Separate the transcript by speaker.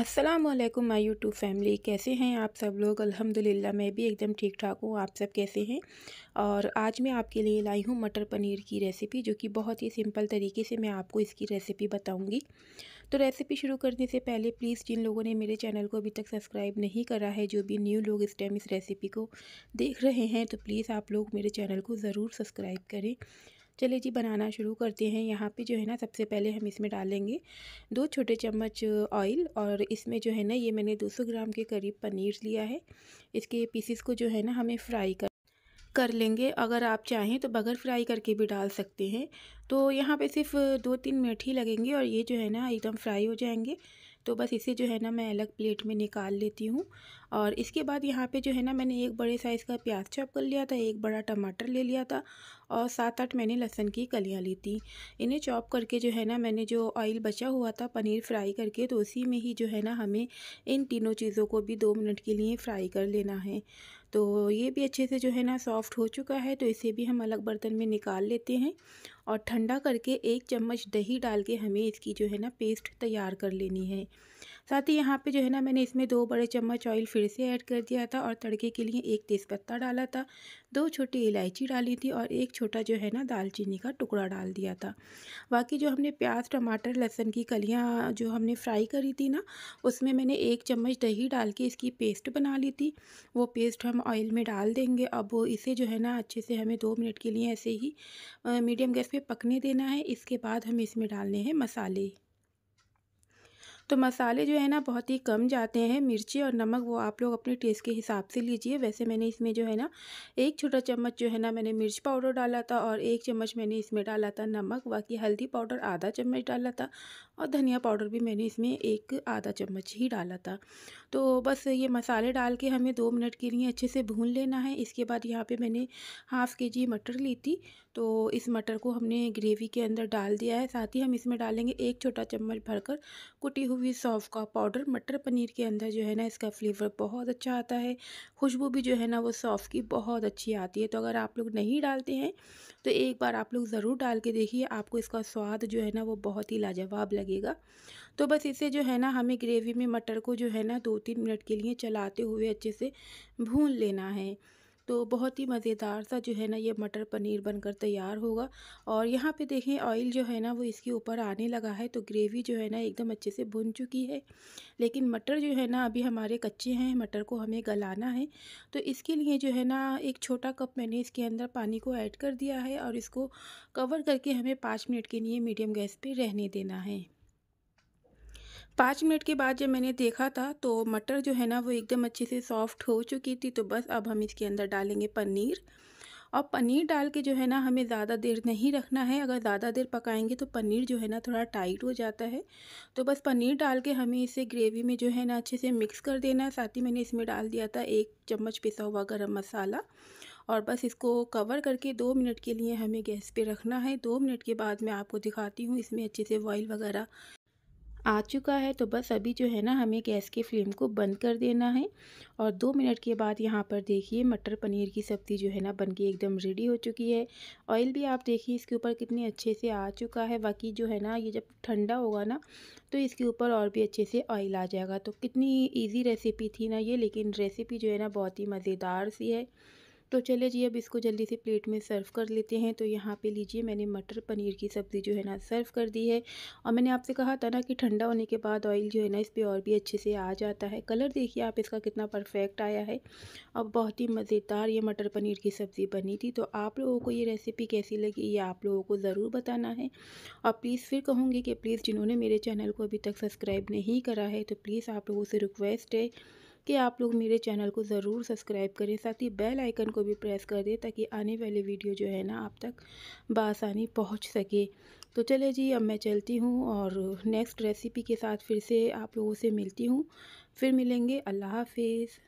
Speaker 1: अस्सलाम वालेकुम my YouTube family कैसे हैं आप सब लोग अल्हम्दुलिल्लाह मैं भी एकदम ठीक ठाक हूँ आप सब कैसे हैं और आज मैं आपके लिए लाई हूँ मटर पनीर की रेसिपी जो कि बहुत ही सिंपल तरीके से मैं आपको इसकी रेसिपी बताऊँगी तो रेसिपी शुरू करने से पहले प्लीज़ जिन लोगों ने मेरे चैनल को अभी तक सब्सक्राइब नहीं करा है जो भी न्यू लोग इस टाइम इस रेसिपी को देख रहे हैं तो प्लीज़ आप लोग मेरे चैनल को ज़रूर सब्सक्राइब करें चलिए जी बनाना शुरू करते हैं यहाँ पे जो है ना सबसे पहले हम इसमें डालेंगे दो छोटे चम्मच ऑयल और इसमें जो है ना ये मैंने 200 ग्राम के करीब पनीर लिया है इसके पीसीस को जो है ना हमें फ्राई कर कर लेंगे अगर आप चाहें तो बगर फ्राई करके भी डाल सकते हैं तो यहाँ पे सिर्फ दो तीन मिनट ही लगेंगे और ये जो है ना एकदम फ्राई हो जाएंगे तो बस इसे जो है ना मैं अलग प्लेट में निकाल लेती हूँ और इसके बाद यहाँ पे जो है ना मैंने एक बड़े साइज़ का प्याज चॉप कर लिया था एक बड़ा टमाटर ले लिया था और सात आठ मैंने लहसन की कलियाँ ली थी इन्हें चॉप करके जो है ना मैंने जो ऑयल बचा हुआ था पनीर फ्राई करके तो उसी में ही जो है ना हमें इन तीनों चीज़ों को भी दो मिनट के लिए फ्राई कर लेना है तो ये भी अच्छे से जो है ना सॉफ़्ट हो चुका है तो इसे भी हम अलग बर्तन में निकाल लेते हैं और ठंडा करके एक चम्मच दही डाल के हमें इसकी जो है ना पेस्ट तैयार कर लेनी है साथ ही यहाँ पे जो है ना मैंने इसमें दो बड़े चम्मच ऑयल फिर से ऐड कर दिया था और तड़के के लिए एक तेज़पत्ता डाला था दो छोटी इलायची डाली थी और एक छोटा जो है ना दालचीनी का टुकड़ा डाल दिया था बाकी जो हमने प्याज टमाटर लहसुन की कलियाँ जो हमने फ्राई करी थी ना उसमें मैंने एक चम्मच दही डाल के इसकी पेस्ट बना ली थी वो पेस्ट हम ऑयल में डाल देंगे अब इसे जो है ना अच्छे से हमें दो मिनट के लिए ऐसे ही मीडियम गैस पर पकने देना है इसके बाद हम इसमें डालने हैं मसाले तो मसाले जो है ना बहुत ही कम जाते हैं मिर्ची और नमक वो आप लोग अपने टेस्ट के हिसाब से लीजिए वैसे मैंने इसमें जो है ना एक छोटा चम्मच जो है ना मैंने मिर्च पाउडर डाला था और एक चम्मच मैंने इसमें डाला था नमक बाकी हल्दी पाउडर आधा चम्मच डाला था और धनिया पाउडर भी मैंने इसमें एक आधा चम्मच ही डाला था तो बस ये मसाले डाल के हमें दो मिनट के लिए अच्छे से भून लेना है इसके बाद यहाँ पर मैंने हाफ़ के जी मटर ली थी तो इस मटर को हमने ग्रेवी के अंदर डाल दिया है साथ ही हम इसमें डालेंगे एक छोटा चम्मच भरकर कुटी हुई हुई सौफ़ का पाउडर मटर पनीर के अंदर जो है ना इसका फ्लेवर बहुत अच्छा आता है खुशबू भी जो है ना वो सौफ़ की बहुत अच्छी आती है तो अगर आप लोग नहीं डालते हैं तो एक बार आप लोग ज़रूर डाल के देखिए आपको इसका स्वाद जो है ना वो बहुत ही लाजवाब लगेगा तो बस इसे जो है ना हमें ग्रेवी में मटर को जो है ना दो तीन मिनट के लिए चलाते हुए अच्छे से भून लेना है तो बहुत ही मज़ेदार सा जो है ना ये मटर पनीर बनकर तैयार होगा और यहाँ पे देखें ऑयल जो है ना वो इसके ऊपर आने लगा है तो ग्रेवी जो है ना एकदम अच्छे से भुन चुकी है लेकिन मटर जो है ना अभी हमारे कच्चे हैं मटर को हमें गलाना है तो इसके लिए जो है ना एक छोटा कप मैंने इसके अंदर पानी को ऐड कर दिया है और इसको कवर करके हमें पाँच मिनट के लिए मीडियम गैस पर रहने देना है पाँच मिनट के बाद जब मैंने देखा था तो मटर जो है ना वो एकदम अच्छे से सॉफ्ट हो चुकी थी तो बस अब हम इसके अंदर डालेंगे पनीर और पनीर डाल के जो है ना हमें ज़्यादा देर नहीं रखना है अगर ज़्यादा देर पकाएंगे तो पनीर जो है ना थोड़ा टाइट हो जाता है तो बस पनीर डाल के हमें इसे ग्रेवी में जो है ना अच्छे से मिक्स कर देना है साथ ही मैंने इसमें डाल दिया था एक चम्मच पिसा हुआ गरम मसाला और बस इसको कवर करके दो मिनट के लिए हमें गैस पर रखना है दो मिनट के बाद मैं आपको दिखाती हूँ इसमें अच्छे से ऑयल वगैरह आ चुका है तो बस अभी जो है ना हमें गैस के फ्लेम को बंद कर देना है और दो मिनट के बाद यहाँ पर देखिए मटर पनीर की सब्ज़ी जो है ना बन के एकदम रेडी हो चुकी है ऑयल भी आप देखिए इसके ऊपर कितने अच्छे से आ चुका है बाकी जो है ना ये जब ठंडा होगा ना तो इसके ऊपर और भी अच्छे से ऑयल आ जाएगा तो कितनी ईजी रेसिपी थी ना ये लेकिन रेसिपी जो है ना बहुत ही मज़ेदार सी है तो चलिए जी अब इसको जल्दी से प्लेट में सर्व कर लेते हैं तो यहाँ पे लीजिए मैंने मटर पनीर की सब्ज़ी जो है ना सर्व कर दी है और मैंने आपसे कहा था ना कि ठंडा होने के बाद ऑयल जो है ना इस पर और भी अच्छे से आ जाता है कलर देखिए आप इसका कितना परफेक्ट आया है और बहुत ही मज़ेदार ये मटर पनीर की सब्ज़ी बनी थी तो आप लोगों को ये रेसिपी कैसी लगी ये आप लोगों को ज़रूर बताना है और प्लीज़ फिर कहूँगी कि प्लीज़ जिन्होंने मेरे चैनल को अभी तक सब्सक्राइब नहीं करा है तो प्लीज़ आप लोगों से रिक्वेस्ट है कि आप लोग मेरे चैनल को ज़रूर सब्सक्राइब करें साथ ही बेल आइकन को भी प्रेस कर दें ताकि आने वाली वीडियो जो है ना आप तक बसानी पहुँच सके तो चले जी अब मैं चलती हूँ और नेक्स्ट रेसिपी के साथ फिर से आप लोगों से मिलती हूँ फिर मिलेंगे अल्लाह हाफिज़